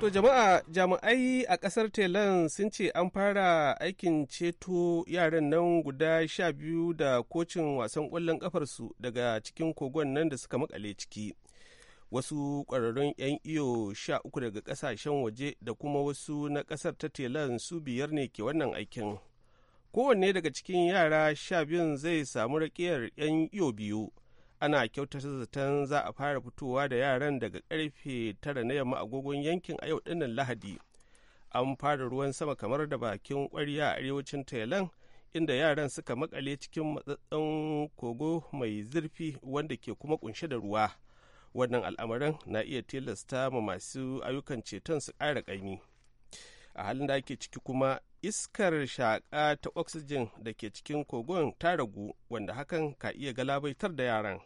To jama'a jami'ai a ƙasar Telan sun ce an fara aikin ceto yaran nan guda sha biyu da kocin wasan ƙwallon ƙafarsu daga cikin kogon nan da suka makale ciki. Wasu ƙwararrun 'yan iyo sha uku daga ƙasashen waje da kuma wasu na ƙasar ta Telan su biyar ne ke wannan aikin. Kowanne daga cikin yara sha biyun zai samu raƙiyar 'yan iyo biyu. ana kyautata zaton za a fara fitowa da yaran daga karfe tara na yamma agogon yankin a yau dinnan lahadi an fara ruwan sama kamar da bakin kwarya a arewacin tailan inda yaran suka makale cikin matsatsen kogo mai zurfi wanda ke kuma kunshe da ruwa wannan al'amarin na iya tilasta ma masu ayyukan ceton su ƙara ƙaimi a halin da ake ciki kuma iskar shaƙa ta oxygen da ke cikin kogon ta ragu wanda hakan ka iya galabaitar da yaran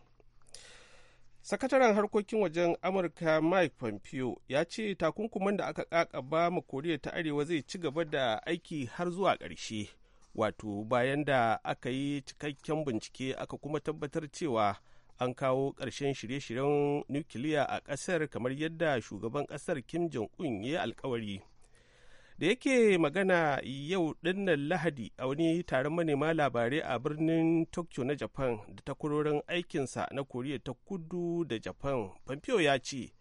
sakataren harkokin wajen amurka mike pompeo ya ce takunkumin da aka kakaba ma koriya ta arewa zai ci gaba da aiki har zuwa ƙarshe wato bayan da aka yi cikakken bincike aka kuma tabbatar cewa an kawo ƙarshen shirye-shiryen nukiliya a ƙasar kamar yadda shugaban ƙasar kim jong-un ya alkawari da yake magana yau dinnan lahadi a wani taron manema labarai a birnin tokyo na japan da takwarorin aikinsa na koriya ta kudu da japan pompeo ya ce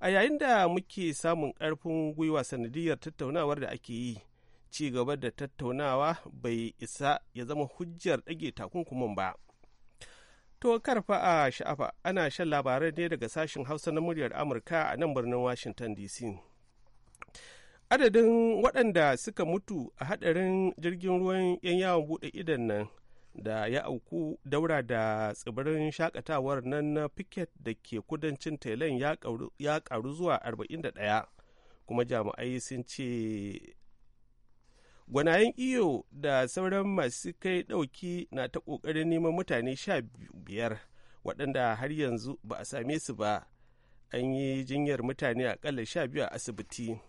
a yayin da muke samun karfin gwiwa sanadiyar tattaunawar da ake yi ci gaba da tattaunawa bai isa ya zama hujjar ɗage takunkumin ba to karfa a sha'afa ana shan labarai ne daga sashen hausa na muryar amurka a nan birnin washington dc adadin waɗanda suka mutu a haɗarin jirgin ruwan 'yan yawon buɗe idan nan da ya auku daura da tsibirin shakatawar nan na piket da ke kudancin thailand ya karu zuwa 41 kuma jami'ai sun ce gwanayen iyo da sauran masu kai ɗauki na ta ƙoƙarin neman mutane sha biyar waɗanda har yanzu ba a same su ba an yi jinyar mutane aƙalla sha biyu a asibiti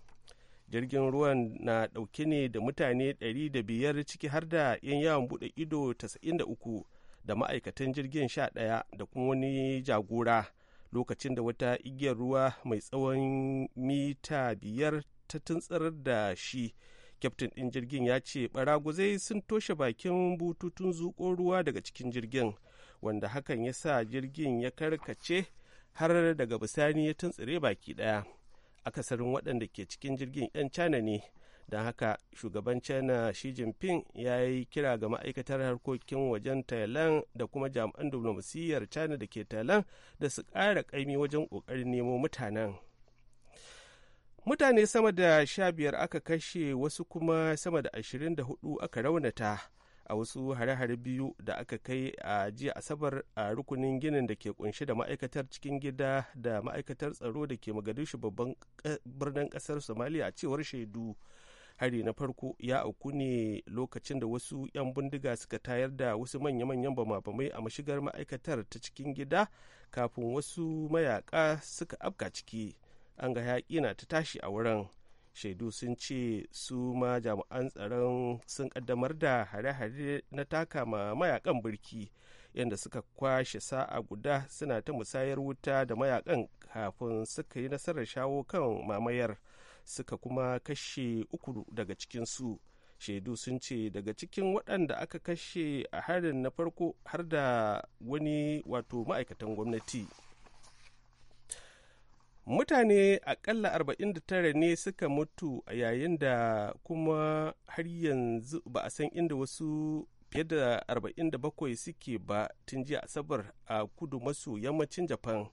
jirgin ruwan na dauke ne da mutane 500 ciki har da 'yan yawon bude ido 93 da ma'aikatan jirgin 11 da kuma wani jagora lokacin da wata igiyar ruwa mai tsawon mita biyar ta tuntsar da shi kyaftin ɗin jirgin ya ce baraguzai sun toshe bakin bututun zuƙo ruwa daga cikin jirgin wanda hakan ya sa jirgin ya karkace har daga bisani ya tuntsire baki ɗaya. akasarin waɗanda ke cikin jirgin 'yan china ne don haka shugaban china shi jinping ya yi kira ga ma'aikatar harkokin wajen thailand da kuma jami'an diplomasiyyar china da ke thailand da su ƙara ƙaimi wajen ƙoƙarin nemo mutanen mutane sama da sha biyar aka kashe wasu kuma sama da ashirin da hudu aka raunata a wasu hare-hare biyu da aka kai a jiya asabar a rukunin ginin da ke kunshi da ma'aikatar cikin gida da ma'aikatar tsaro da ke magadishu babban birnin kasar somalia a cewar shaidu hari na farko ya auku ne lokacin da wasu 'yan bindiga suka tayar da wasu manya-manyan bama-bamai a mashigar ma'aikatar ta cikin gida kafin wasu mayaka suka afka ciki an ga yaƙi na ta tashi a wurin shaidu sun ce su ma jami'an tsaron sun kaddamar da hare-hare na taka ma mayakan birki yadda suka kwashe sa'a guda suna ta musayar wuta da mayakan kafin suka yi nasarar shawo kan mamayar suka kuma kashe uku daga cikinsu shaidu sun ce daga cikin waɗanda aka kashe a harin na farko har da wani wato ma'aikatan gwamnati. mutane akalla 49 ne suka mutu a yayin da kuma har yanzu ba a san inda wasu fiye da 47 suke ba tun jiya asabar a kudu maso yammacin japan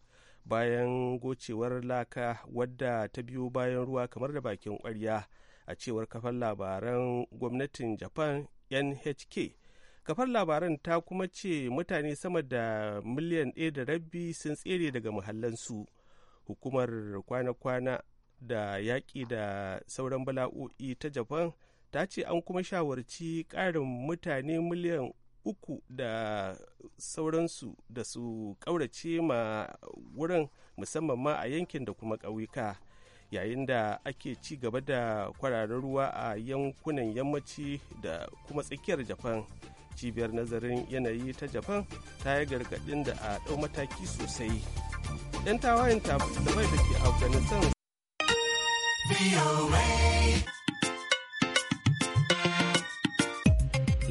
bayan gocewar laka wadda ta biyo bayan ruwa kamar da bakin kwarya a cewar kafar labaran gwamnatin japan nhk kafar labaran ta kuma ce mutane sama da miliyan ɗaya da rabbi sun tsere daga muhallansu hukumar kwana-kwana da yaƙi da sauran bala'o'i ta japan ta ce an kuma shawarci ƙarin mutane miliyan uku da sauransu da su ƙaurace ma wurin musamman ma a yankin da kuma ƙauyuka yayin da ake ci gaba da kwararar ruwa a yankunan yammaci da kuma tsakiyar japan cibiyar nazarin yanayi ta japan ta yi gargaɗin da a ɗau mataki sosai. 'yan tawayen talibai da ke afghanistan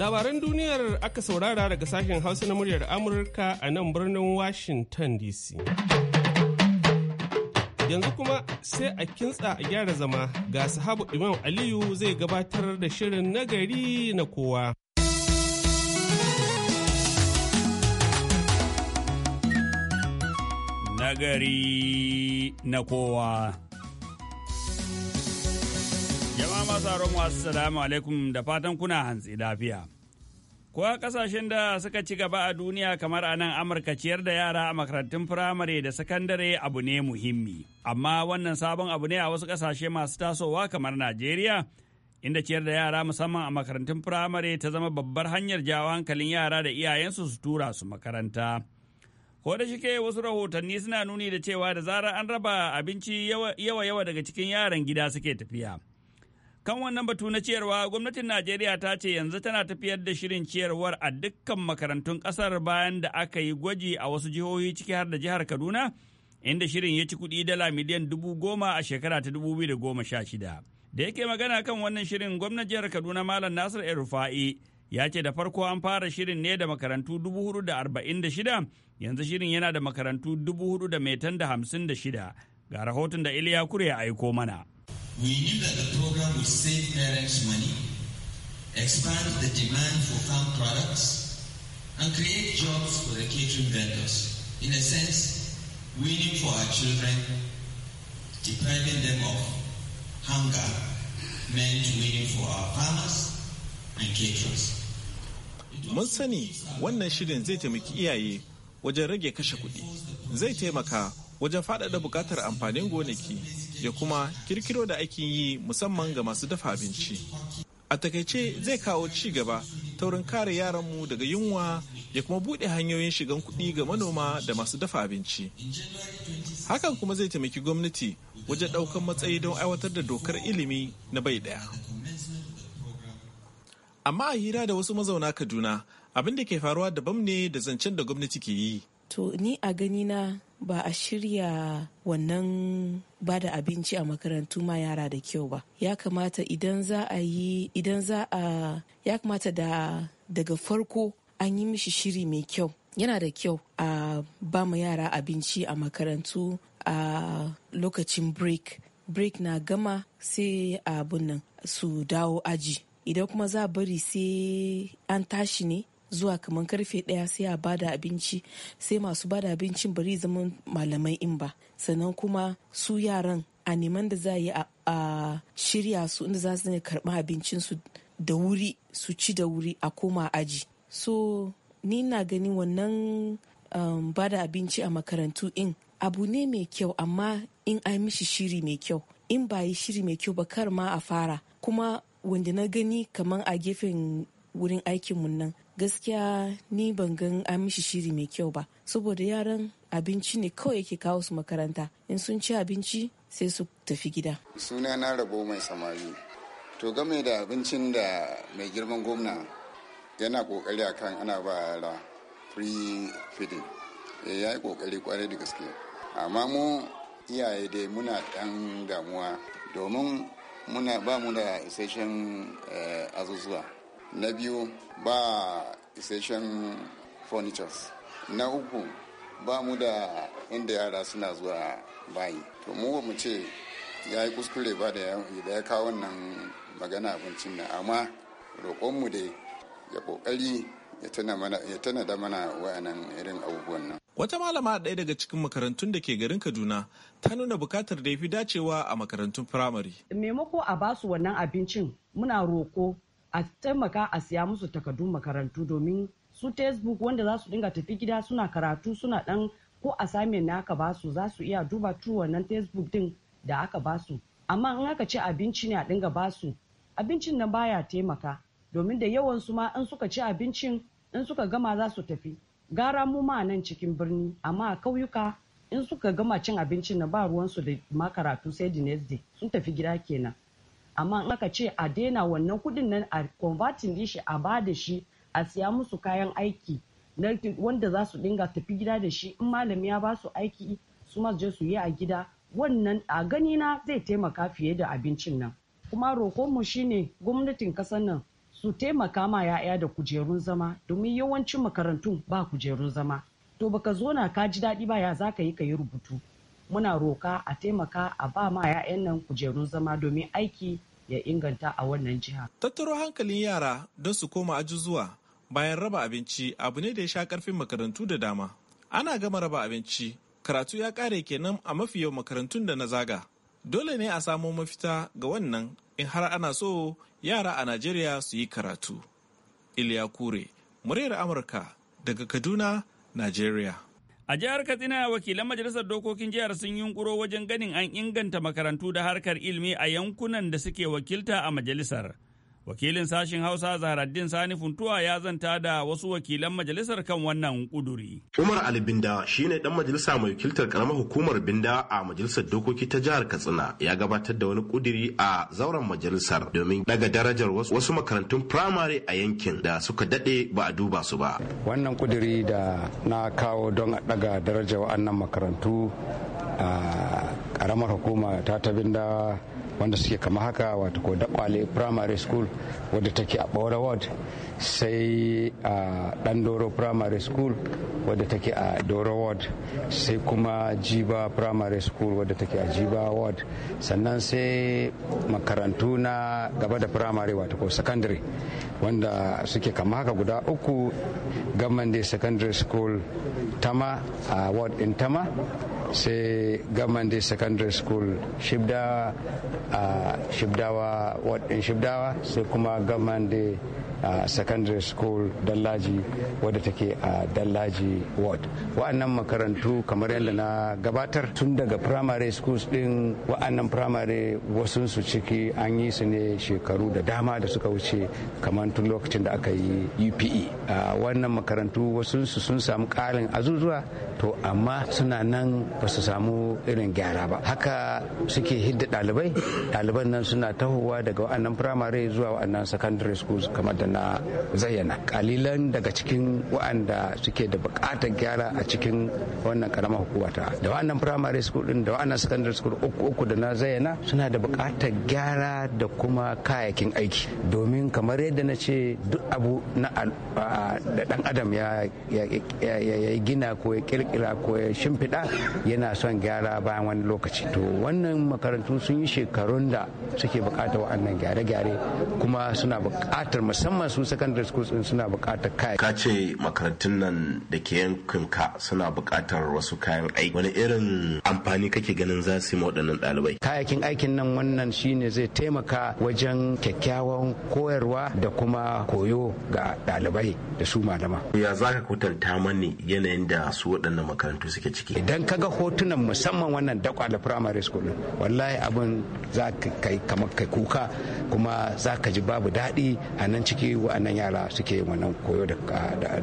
labaran duniyar aka saurara daga sashen hausa na muryar amurka a nan birnin washington dc yanzu kuma sai a kintsa a gyara zama ga sahabu imam aliyu zai gabatar da shirin nagari na kowa nagari na kowa. Jama'a masu wasu salamu alaikum da fatan kuna hantsi lafiya. Kowa kasashen da suka ci gaba a duniya kamar a nan Amurka ciyar da yara a makarantun firamare da sakandare abu ne muhimmi. Amma wannan sabon abu ne a wasu kasashe masu tasowa kamar Najeriya, inda ciyar da yara musamman a makarantun firamare ta zama babbar hanyar jawo hankalin yara da iyayensu su tura su makaranta. Ko da shike wasu rahotanni suna nuni da cewa da zarar an raba abinci yawa-yawa daga cikin yaran gida suke tafiya. Kan wannan batu na ciyarwa, gwamnatin Najeriya ta ce yanzu tana tafiyar da shirin ciyarwar a dukkan makarantun kasar bayan da aka yi gwaji a wasu jihohi ciki har da jihar Kaduna, inda shirin ya ci kuɗi dala miliyan dubu goma a shekara ta dubu biyu da goma sha shida. Da yake magana kan wannan shirin gwamnan jihar Kaduna Malam Nasir El Rufa'i ya ce da farko an fara shirin ne da makarantu dubu hudu da arba'in da shida yanzu shirin yana da makarantu dubu hudu da metan da hamsin da shida ga rahoton da Iliya Kure ya aiko mana. We need that the program would save parents money, expand the demand for farm products, and create jobs for the catering vendors. In a sense, winning for our children, depriving them of hunger, meant winning for our farmers and caterers. Mun sani wannan shirin zai taimaki iyaye wajen rage kashe kuɗi zai taimaka wajen faɗaɗa buƙatar amfanin gonaki ya kuma kirkiro da aikin yi musamman ga masu dafa abinci a takaice zai kawo ci gaba taurin kare yaran mu daga yunwa ya kuma buɗe hanyoyin shigan kuɗi ga manoma da masu dafa abinci hakan kuma zai taimaki gwamnati wajen ɗaukar matsayi don aiwatar da dokar ilimi na bai ɗaya amma a hira da wasu mazauna kaduna abin da ke faruwa daban ne da zancen da gwamnati ke yi to ni a gani na ba a shirya wannan ba da abinci a makarantu ma yara da kyau ba ya kamata idan za a yi idan za a ya kamata da daga farko an yi mishi shiri mai kyau yana da kyau a ba ma yara abinci a makarantu a lokacin break break na gama sai abun nan su dawo aji idan kuma za bari sai an tashi ne zuwa kamar karfe daya sai a bada abinci sai masu bada abincin bari zama malamai in ba sannan kuma su yaran a neman da za yi a shirya su inda za su ne karɓa abincinsu da wuri su ci da wuri a koma aji so ni na gani wannan um, bada abinci a makarantu in abu ne mai kyau amma in ai mishi shiri mai kyau in ba yi shiri mai kyau ba kar ma a fara kuma wanda na gani kamar a gefen wurin aikinmu nan gaskiya ni ban gan an mishi shiri mai kyau ba saboda yaran abinci ne kawai yake kawo su makaranta in sun ci abinci sai su tafi gida suna na rabo mai samari to game da abincin da mai girman gwamna yana kokari akan ana ba yara free feeding eh, ya yi kokari kwarai da gaske amma mu iyaye dai muna dan damuwa domin muna ba mu da isasshen eh, azuzuwa na biyu ba isasshen furnitures na uku ba mu da inda yara suna zuwa bayi to mu mu ce ya yi kuskure ba da ya kawo wannan magana abincin nan amma roƙonmu dai ya ƙoƙari ya tana da mana wa'anan irin abubuwan nan. Wata malama ɗaya daga cikin makarantun da ke garin Kaduna ta nuna bukatar da ya fi dacewa a makarantun firamare. Maimako a basu wannan abincin muna roko. a taimaka a siya musu takardun makarantu domin su facebook wanda za su dinga tafi gida suna karatu suna dan ko assignment na aka ba su, za su iya duba tuwa nan facebook din da aka ba su, amma in aka ci abinci ne a dinga ba su, abincin nan baya taimaka domin da yawan su ma in suka ci abincin in suka gama za su tafi gara mu ma nan cikin birni amma a kauyuka in suka gama cin abincin na ba ruwan su da ma karatu sai dinesde sun tafi gida kenan amma in aka ce a daina wannan kudin nan a converting din shi a ba da shi a siya musu kayan aiki na wanda za su dinga tafi gida da shi in malami ya ba su aiki su ma je su yi a gida wannan a gani na zai taimaka fiye da abincin nan kuma roƙonmu shine gwamnatin ƙasar nan su taimaka ma ya'ya da kujerun zama domin yawancin makarantun ba kujerun zama to baka zo na ka ji daɗi ba ya za ka yi ka yi rubutu muna roka a taimaka a ba ma 'ya'yan nan kujerun zama domin aiki ya inganta a wannan jiha. Tattaro hankalin yara don su koma ajuzuwa bayan raba abinci abu ne da ya sha karfin makarantu da dama. Ana gama raba abinci, karatu ya kare kenan a mafi yawan makarantun da na zaga. Dole ne a samo mafita ga wannan in har ana so yara a Najeriya su yi karatu. Iliya Kure, muryar Amurka daga Kaduna, Najeriya. A jihar Katsina wakilan majalisar dokokin jihar sun yunkuro wajen ganin an inganta makarantu da harkar ilimi a yankunan da suke wakilta a majalisar. Wakilin sashen Hausa Zaharaddin Sani Funtuwa ya zanta da wasu wakilan majalisar kan wannan kuduri. Umar Ali Binda shi ne ɗan majalisa mai wakiltar karamar hukumar Binda a majalisar dokoki ta jihar Katsina ya gabatar da wani kuduri a zauren majalisar domin daga darajar wasu makarantun firamare a yankin da suka daɗe ba a duba su ba. Wannan kuduri da na kawo don a daga darajar wa'annan makarantu a karamar hukuma ta tabinda wanda suke kama haka wata ko dakwale primary school wadda take a bora ward sai a dan doro primary school wadda take a doro ward sai kuma jiba primary school wadda take a jiba ward sannan sai makarantu na gaba da primary wata ko secondary wanda suke kama haka guda uku gaman secondary school tama a ward din tama sai gamande secondary school shibda uh, shibdawa shibdawa sai kuma gamande a secondary school dallaji wadda take a dallaji ward wa'annan makarantu kamar yadda na gabatar tun daga primary schools din wa'annan primary wasu su ciki an yi su ne shekaru da dama da suka wuce kamar tun lokacin da aka yi upe a wannan makarantu su sun samu ƙarin azuzuwa to amma suna nan ba su samu irin gyara ba haka suke hidda ɗalibai ɗaliban nan suna tahowa daga wa'annan primary zuwa wa'annan secondary schools kamar na zayyana kalilan daga cikin wa'anda suke da bukatar gyara a cikin wannan karamar hukuma ta da wannan primary school din da wannan secondary school uku uku da na zayyana suna da bukatar gyara da kuma kayakin aiki domin kamar yadda na ce duk abu na da dan adam ya gina ko ya kirkira ko ya shimfiɗa yana son gyara bayan wani lokaci to wannan makarantu sun yi shekarun da suke bukatar wa'annan gyare-gyare kuma suna bukatar musamman musamman su secondary schools din suna bukatar kayan ka ce makarantun nan da ke yankin ka suna bukatar wasu kayan aiki wani irin amfani kake ganin za su yi waɗannan ɗalibai kayakin aikin nan wannan shine zai taimaka wajen kyakkyawan koyarwa da kuma koyo ga ɗalibai da su malama ya za ka kwatanta mani yanayin da su waɗannan makarantu suke ciki idan ka ga hotunan musamman wannan dakwa da primary school wallahi abin za ka kai kamar kai kuka kuma za ka ji babu daɗi a nan ciki ciki wa'annan yara suke wannan koyo da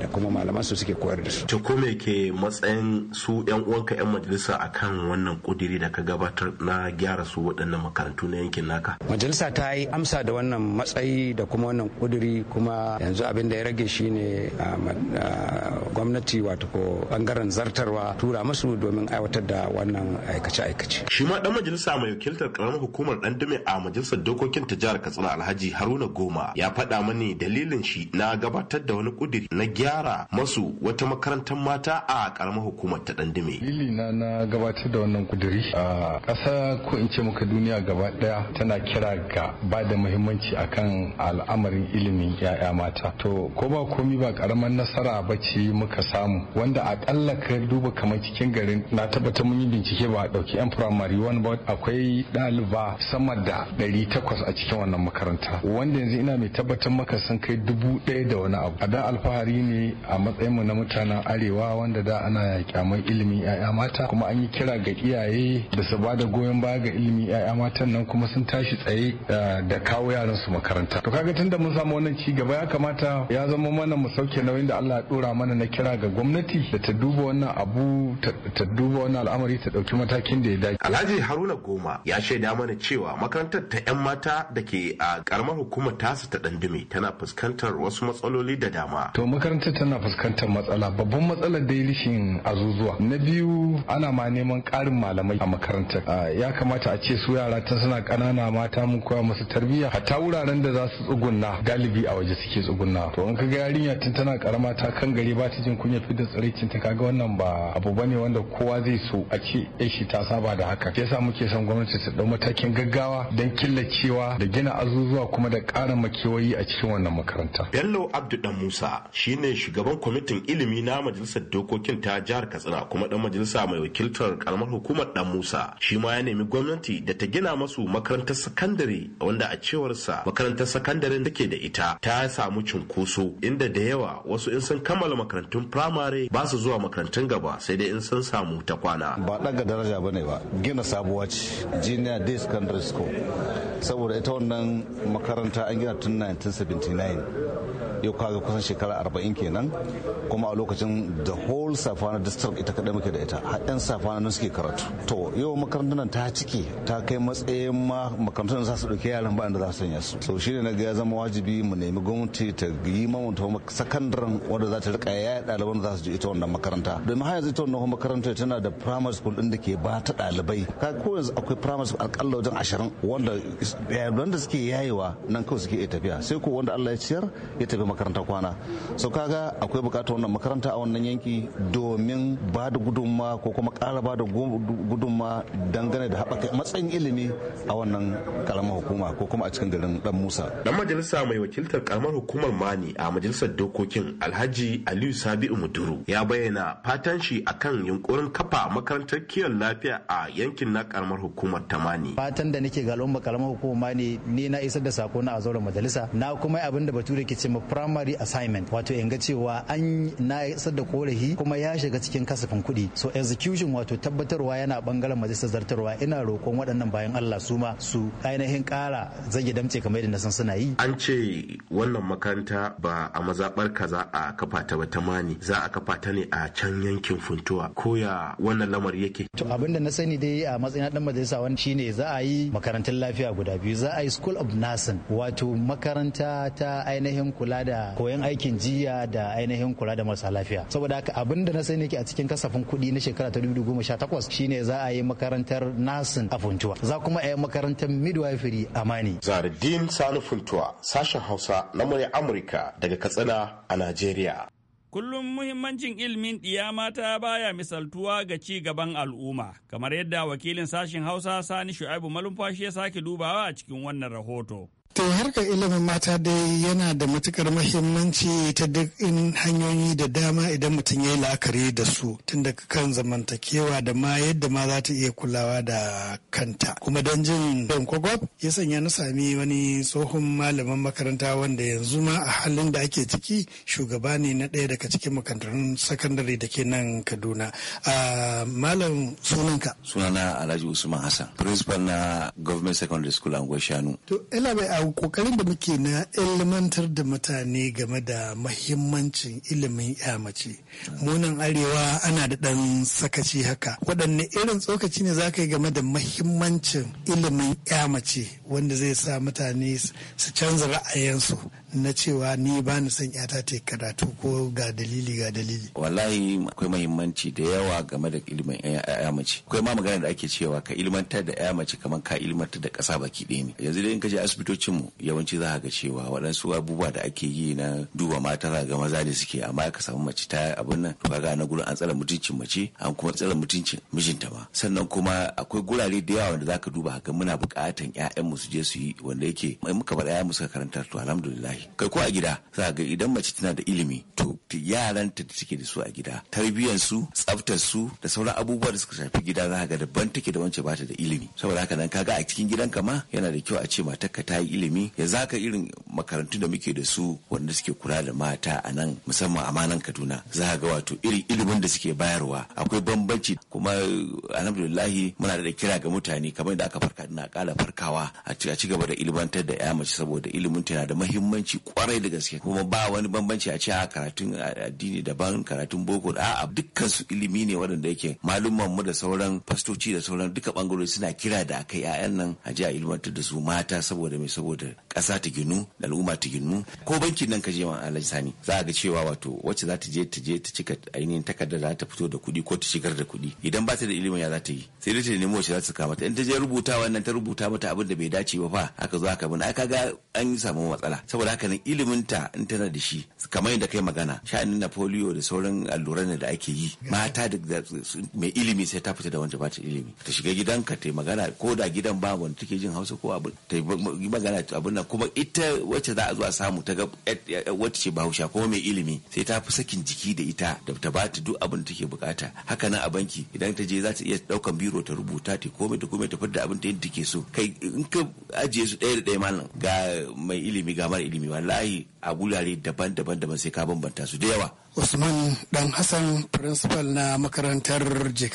kuma malaman su suke koyar da su. To ko ke matsayin su yan uwanka yan majalisa akan wannan kudiri da ka gabatar na gyara su waɗannan makarantu na yankin naka? Majalisa ta yi amsa da wannan matsayi da kuma wannan kudiri kuma yanzu abin da ya rage shi ne gwamnati wato ko bangaren zartarwa tura musu domin aiwatar da wannan aikace-aikace. Shi ma ɗan majalisa mai wakiltar karamar hukumar dan dume a majalisar dokokin ta jihar Katsina Alhaji Haruna Goma ya faɗa mani dalilin shi na gabatar da wani kudiri na gyara masu wata makarantar mata a karamar hukumar ta dandame. dalili na na gabatar da wannan kudiri a ƙasa ko in ce muka duniya gaba daya tana kira ga ba da muhimmanci akan al'amarin ilimin ya'ya mata to ko ba komi ba karamar nasara ba ce muka samu wanda akalla ka duba kamar cikin garin na tabbatar mun yi bincike ba a ɗauki yan firamare wani ba akwai ɗaliba sama da ɗari takwas a cikin wannan makaranta wanda yanzu ina mai tabbatar maka sun kai dubu ɗaya da wani abu da alfahari ne a matsayinmu na mutanen arewa wanda da ana kyaman ilimin ya'ya mata kuma an yi kira ga iyaye da su ba da goyon baya ga ilimin ya'ya matan nan kuma sun tashi tsaye eh, da kawo yaran su makaranta to kaga tunda mun samu wannan ci gaba ya kamata ya zama mana mu sauke nauyin da Allah ya dora mana na kira ga gwamnati da ta duba wannan abu ta duba wannan al'amari ta dauki matakin da ya dace Alhaji Haruna Goma ya shaida mana cewa makarantar ta 'yan mata da ke a karamar hukumar tasu ta Dandume tana fuskantar wasu matsaloli da dama to makarantar tana fuskantar matsala babban matsalar da rishin azuzuwa na biyu ana ma neman ƙarin malamai a makarantar ya kamata a ce su yara ta suna ƙanana mata mun koya masu tarbiyya hatta wuraren da za su tsugunna galibi a waje suke tsugunna to in ka ga yarinya tun tana karama ta kan gari ba ta jin kunya fitar tsaraicin ta kaga wannan ba abu ba ne wanda kowa zai so a ce eh shi ta saba da haka yasa muke son gwamnati ta dau matakin gaggawa don killacewa da gina azuzuwa kuma da ƙara makewayi a cikin wannan wannan makaranta. Bello Abdu Dan Musa shine shugaban kwamitin ilimi na majalisar dokokin ta jihar Katsina kuma dan majalisa mai wakiltar karamar hukumar Dan Musa shi ma ya nemi gwamnati da ta gina masu makarantar sakandare wanda a cewarsa makarantar sakandare da ke da ita ta samu cunkoso inda da yawa wasu in sun kammala makarantun firamare ba su zuwa makarantun gaba sai dai in sun samu ta kwana. Ba daga daraja bane ba gina sabuwa ce junior day secondary school saboda ita wannan makaranta an gina tun 1970 Amen. yau kaga kusan shekara arba'in kenan kuma a lokacin the whole safana district ita kaɗai muke da ita har 'yan safana nan suke karatu to yau makarantar nan ta cike ta kai matsayin ma makarantar za su ɗauki yaran ba da za su sanya su so shine na ga ya zama wajibi mu nemi gwamnati ta yi mamanta sakandaren wanda za ta rika yaya ɗaliban za su je ita wannan makaranta domin har yanzu ita wannan makaranta tana da primary school ɗin da ke ba ta ɗalibai ka ko yanzu akwai primary school alƙalla wajen ashirin wanda ɗaliban da suke yayewa nan kawai suke iya tafiya sai ko wanda Allah ya ciyar ya tafi makaranta kwana so kaga akwai bukatar wannan makaranta a wannan yanki domin ba da gudunma ko kuma ƙara ba da gudunma dangane da haɓaka matsayin ilimi a wannan karamar hukuma ko kuma a cikin garin dan musa dan majalisa mai wakiltar karamar hukumar mani a majalisar dokokin alhaji aliyu sabi'u muduru ya bayyana fatan shi akan yunkurin kafa makarantar kiyon lafiya a yankin na karamar hukumar mani fatan da nake ga al'umma karamar hukumar mani ni na isar da sako na a zauren majalisa na kuma abin da bature ke ce primary assignment wato in ga cewa an na isar da korafi kuma ya shiga cikin kasafin kuɗi so execution wato tabbatarwa yana bangaren majalisar zartarwa ina roƙon waɗannan bayan Allah su ma su ainihin ƙara zage damce kamar yadda na san suna yi an ce wannan makaranta ba a mazabar ka za a kafa ta ba ta za a kafa ta ne a can yankin funtuwa ko wannan lamari yake to abinda na sani dai a matsayin dan majalisa wani shine za a yi makarantun lafiya guda biyu za a yi school of nursing wato makaranta ta ainihin kula da koyon aikin jiya da ainihin kula da marasa lafiya saboda haka abin da na sani ke a cikin kasafin kuɗi na shekara ta 2018 shine za a yi makarantar nasin a funtuwa za kuma a yi makarantar midwifery a mani zardin sani funtuwa sashen hausa na murya amurka daga katsina a najeriya Kullum muhimmancin ilimin ɗiya mata baya misaltuwa ga ci gaban al'umma, kamar yadda wakilin sashen Hausa Sani Shu'aibu Malumfashi ya sake dubawa a cikin wannan rahoto. To harkar ilimin mata dai yana da matukar mahimmanci ta duk in hanyoyi da dama idan mutum ya yi la'akari da su tun daga kan zamantakewa da ma yadda ma za ta iya kulawa da kanta. Kuma don jin don kwagwab ya sanya na sami wani tsohon malaman makaranta wanda yanzu ma a halin da ake ciki shugaba ne na ɗaya daga cikin makarantun sakandare da ke nan Kaduna. Malam sunanka. Sunana Alhaji Usman Hassan, principal na Government Secondary School Angon Shanu. To, bai kokarin da muke na ilmantar da mutane game da mahimmancin ilimin ya mace munan arewa ana da ɗan sakaci haka waɗanne irin tsokaci ne za ka yi game da mahimmancin ilimin ya mace wanda zai sa mutane su canza ra'ayinsu na cewa ni ba ni son yata ta karatu ko ga dalili ga dalili wallahi akwai mahimmanci da yawa game da ilimin ya mace akwai ma magana da ake cewa ka ilmantar da ya mace kamar ka ilmantar da ƙasa baki ɗaya ne yanzu dai in ka je asibitocin yawanci za ga cewa waɗansu abubuwa da ake yi na duba mata za ga maza ne suke amma ka samu mace ta abin nan to kaga na gurin an tsara mutuncin mace an kuma tsara mutuncin mijinta ba. sannan kuma akwai gurare da yawa wanda za ka duba ga muna buƙatan mu su je su yi wanda yake in muka faɗa ya suka karanta to alhamdulillah kai ko a gida za ga idan mace tana da ilimi to yaranta da take da su a gida tarbiyyar su tsaftar su da sauran abubuwa da suka shafi gida za ga daban take da wance bata da ilimi saboda haka nan kaga a cikin gidanka ma yana da kyau a ce matarka ta yi ilimi ya zaka irin makarantu da muke da su wanda suke kula da mata a nan musamman a manan Kaduna za ga wato irin ilimin da suke bayarwa akwai bambanci kuma alhamdulillahi muna da kira ga mutane kamar da aka farka ina kala farkawa a ci gaba da ilmantar da ya mace saboda ilimin yana da muhimmanci bambanci kwarai da gaske kuma ba wani bambanci a cewa karatun addini daban karatun boko da a dukkan su ilimi ne wadanda yake malumman mu da sauran fastoci da sauran duka bangarori suna kira da kai ƴaƴan nan a ji a ilmantar da su mata saboda mai saboda ƙasa ta ginu al'umma ta ginu ko bankin nan ka je ma alhaji sani za ga cewa wato wacce za ta je ta je ta cika ainihin takarda za ta fito da kuɗi ko ta shigar da kuɗi idan ba ta da ilimin ya za ta yi sai dai ta nemi wacce za ta saka mata in ta je rubuta wannan ta rubuta mata abin da bai dace ba fa aka zo aka bin aka ga an yi samu matsala saboda zaka nan ilimin ta in tana da shi kamar yadda kai magana sha'anin na polio da sauran alluran da ake yi mata da mai ilimi sai ta fita da wanda ba ta ilimi ta shiga gidanka ta magana ko da gidan ba wanda take jin hausa ko abu ta yi magana abin nan kuma ita wacce za a zo a samu ta ga eh, eh, wacce ce bahaushe ko mai ilimi sai ta fi sakin jiki da ita da ta ba ta duk abin da take bukata haka nan a banki idan ta je za ta iya daukan biro ta rubuta ta komai ta komai ta fadda abin da take so kai in ka ajiye su ɗaya da ɗaya malam ga mai ilimi ga mara ilimi ilimi wallahi a gurare daban-daban daban sai ka bambanta su da yawa usman dan hassan principal na makarantar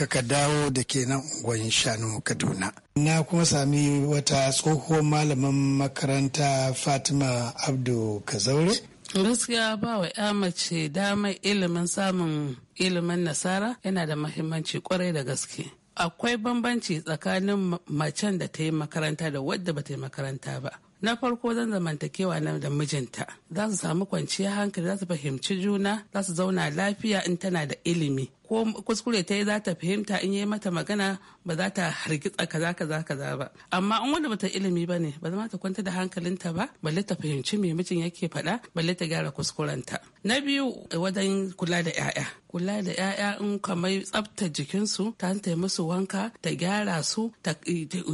ka dawo da ke nan gwayin shanu kaduna na kuma sami wata tsohuwar malamin makaranta fatima abdu kazaure gaskiya ba wa ya mace damar ilimin samun ilimin nasara yana da mahimmanci kwarai da gaske akwai bambanci tsakanin macen da ta yi makaranta da wadda ba ta yi makaranta ba na farko zan zamantakewa na da mijinta za su samu kwanciyar hankali za su fahimci juna za su zauna lafiya in tana da ilimi ko kuskure ta yi za ta fahimta in yi mata magana ba za ta hargitsa kaza kaza kaza ba amma in wanda bata ilimi ba ne ba za ta kwanta da hankalinta ba balle ta fahimci mai mijin yake faɗa balle ta gyara kuskurenta na biyu wajen kula da 'ya'ya kula da 'ya'ya in kamar tsabta jikinsu ta hanta musu wanka ta gyara su ta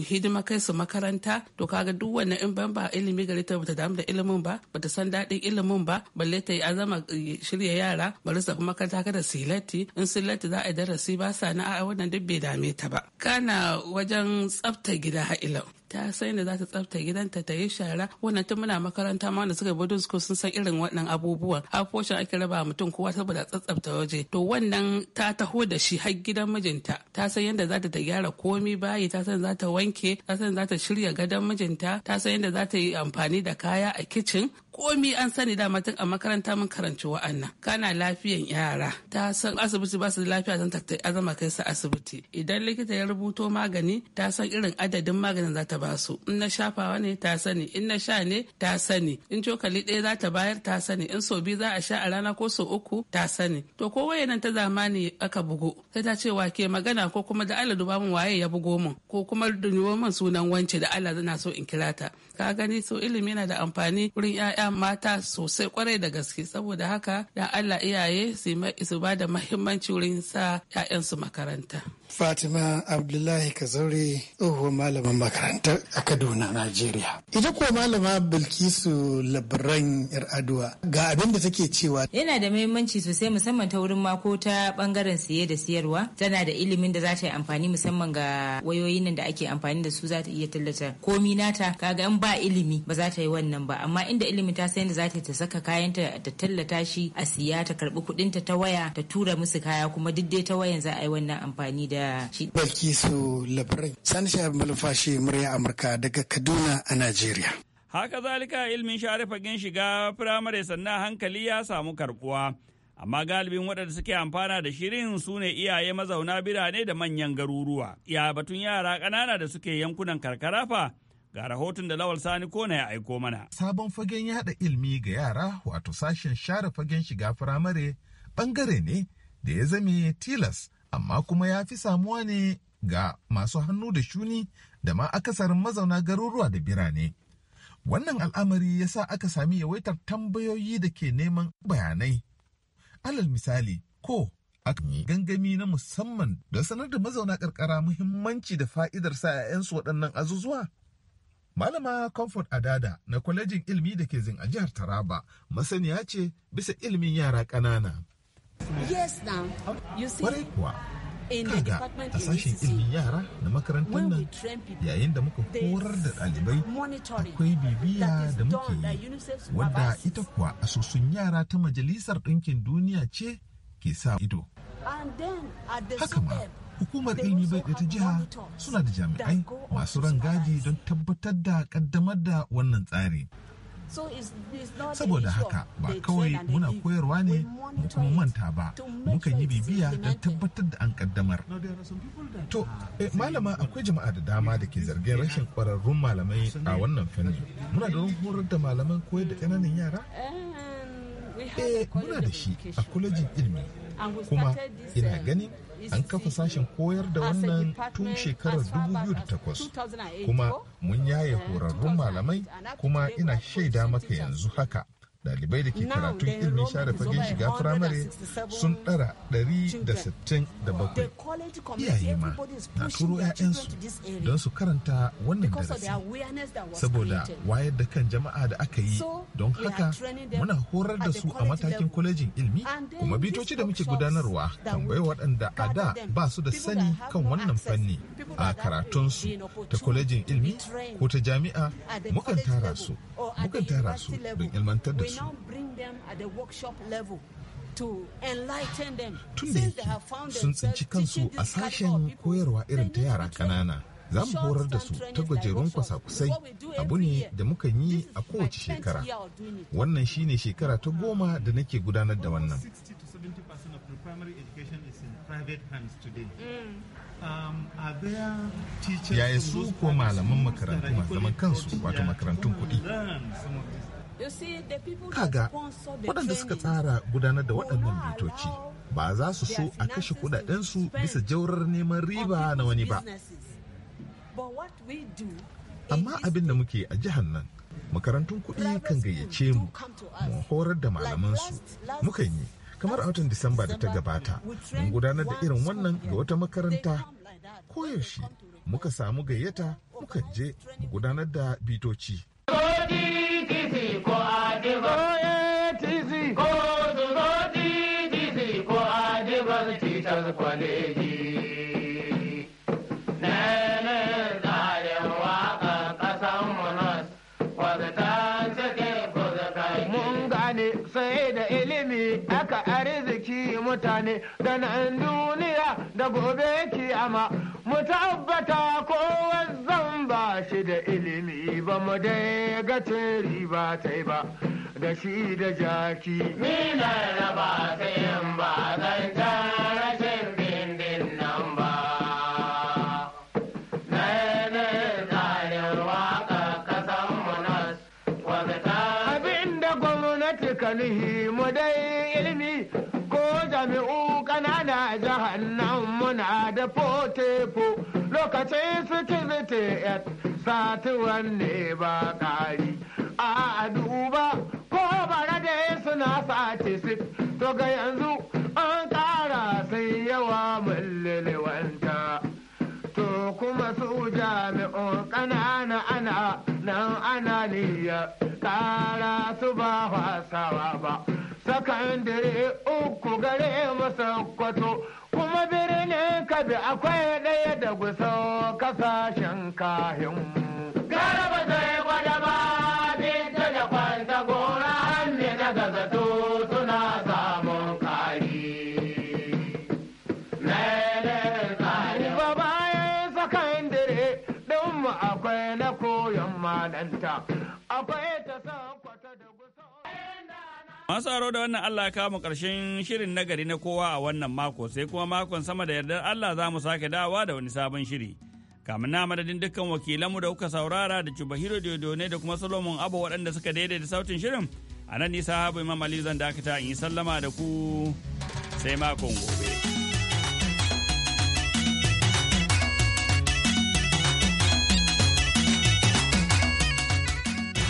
hidima kai su makaranta to kaga duk wannan in ban ba ilimi gare ta bata damu da ilimin ba bata san daɗin ilimin ba balle ta yi azama shirya yara bari su makaranta kada su latti in su illata za a darasi ba sa na a wannan duk bai dame ta ba kana wajen tsafta gida ha'ilau ta san da za ta tsafta gidanta ta yi shara wannan tun muna makaranta ma wanda suka yi boarding school sun san irin wannan abubuwan afoshin ake raba mutum kowa saboda tsaftsafta waje to wannan ta taho da shi har gidan mijinta ta san yadda za ta gyara komi bayi ta san za ta wanke ta san za ta shirya gadon mijinta ta san yadda za ta yi amfani da kaya a kicin komi an sani da tun a makaranta mun karanci wa'annan kana lafiyan yara ta san asibiti ba su da lafiya zan ta azama kai su asibiti idan likita ya rubuto magani ta san irin adadin maganin za ta ba su in na shafawa ne ta sani in na sha ne ta sani in cokali ɗaya za ta bayar ta sani in sau biyu za a sha a rana ko sau uku ta sani to ko waye nan ta zamani aka bugu sai ta ce ke magana ko kuma da Allah duba mun waye ya bugo mun? ko kuma dunuwa mun sunan wance da Allah zana so in kira ta ka gani so ilimi yana da amfani wurin 'ya'ya mata sosai kwarai da gaske saboda haka da Allah iyaye su ba da mahimmanci wurin sa 'ya'yansu makaranta. Fatima Abdullahi Kazaure tsohuwar malamin makaranta a Kaduna, Najeriya. Ita kuwa malama Bilkisu Labaran aduwa ga abin da take cewa. Yana da mahimmanci sosai musamman ta wurin mako ta bangaren siye da siyarwa. Tana da ilimin da za ta yi amfani musamman ga wayoyin nan da ake amfani da su za ta iya tallata komi nata kaga in ba ilimi ba za ta yi wannan ba amma inda ilimin ta sai da za ta saka kayanta ta tallata shi a siya ta karbi kuɗinta ta waya ta tura musu kaya kuma duk dai ta wayan za a yi wannan amfani da shi. Balki su labarai. Sani Malfashi murya Amurka daga Kaduna a Najeriya. Haka zalika ilmin share fagen shiga firamare sannan hankali ya samu karkuwa Amma galibin waɗanda suke amfana da shirin su ne iyaye mazauna birane da manyan garuruwa. Ya batun yara ƙanana da suke yankunan karkarafa. Ga rahoton da Lawal Sani Kona ya aiko mana. Sabon fagen yada ilimi ga yara wato sashen share fagen shiga firamare bangare ne da ya zame tilas amma kuma ya fi samuwa ne ga masu hannu da shuni da ma akasarin mazauna garuruwa da birane. Wannan al'amari ya sa aka sami yawaitar tambayoyi da ke neman bayanai. Alal misali, ko akan yi gangami na musamman da sanar da mazauna karkara muhimmanci da fa'idar sa 'ya'yansu waɗannan azuzuwa Malama Comfort Adada na kwalejin ilimi da ke zin a jihar Taraba masaniya ce bisa ilimin yara ƙanana. Yes Kwarai kuwa, kaga a sashen ilimin yara na makarantar nan yayin da muka horar da ɗalibai akwai bibiya da muke yi wadda ita kuwa asusun yara ta majalisar ɗinkin duniya ce ke sa ido. Haka ma, hukumar ilimi bai ta jiha suna da jami'ai masu rangadi don tabbatar da kaddamar da wannan tsari saboda haka ba kawai muna koyarwa ne mu kuma manta ba muka yi bibiya don tabbatar da an kaddamar to eh, malama akwai jama'a da dama da ke zargin rashin kwararrun malamai a wannan fanni muna da horar da malaman koyar da ƙananan yara eh muna da shi a kwalejin ilimi kuma ina ganin an kafa sashen koyar da wannan tun shekarar 2008 kuma mun yaye horarrun malamai kuma ina shaida maka yanzu haka dalibai da ke karatun ilimin share fagen shiga firamare sun ɗara 167. Iyaye ma na turo 'ya'yansu don su karanta wannan darasi. Saboda wayar da kan jama'a da aka yi don haka muna horar da su a matakin kwalejin ilimi kuma bitoci da muke gudanarwa kan bai waɗanda a da ba su da sani kan wannan fanni a karatunsu ta kwalejin ilimi ko ta jami'a mukan tara mukan tara su don ilmantar da su su tun da yake sun tsinci kansu a sashen koyarwa irin ta yara ƙanana za mu horar da su ta gajerun kwasa-kusai abu ne da muka yi a kowace shekara wannan shine shekara ta goma da nake gudanar da wannan mm. um, yaya su ko malaman makarantu zaman kansu wato makarantun kuɗi kaga waɗanda suka tsara gudanar da waɗannan bitoci ba za su so a kashe kudadensu bisa jaurar neman riba na wani ba amma abin da muke a jihar nan makarantun kuɗi kan gayyace mu mu horar da malamansu mukan yi kamar a watan disamba da ta gabata mun gudanar da irin wannan ga wata makaranta koyaushe muka samu gayyata muka je mu gudanar da bitoci mutane da nan duniya da gobe kiyama mu tabbata ko zan ba shi da ilimi ba mu dai ga riba ta ba da shi da jaki ni na raba ta yin ba zan gwamnati ka mu dai ilimi jami'u kanana jahannan muna da potepo lokacin sikiriti ya satuwan ne ba kari a duba ko bara da suna sati sit to ga yanzu an kara sai yawa mullilwanta to kuma su jami'un kanana ana nan ana kara su ba wasawa ba sakandare uku gare masa kwato kuma birnin kabi akwai ɗaya da gusa kasashen kahin garaba zai gwada ba binta da kwanta gora hannu na gazato samun kari bayan sakandare ɗin mu akwai na koyon malanta Masu aro da wannan Allah ya mu ƙarshen shirin nagari na kowa a wannan mako sai kuma makon sama da yardar Allah za mu sake dawa da wani sabon shiri. Kamun na madadin dukkan wakilanmu da kuka saurara da Cubahiro Diodone da kuma Solomon Abu waɗanda suka daidaita sautin shirin. A nan nisa habu Imam Ali zan dakata in yi sallama da ku sai makon gobe.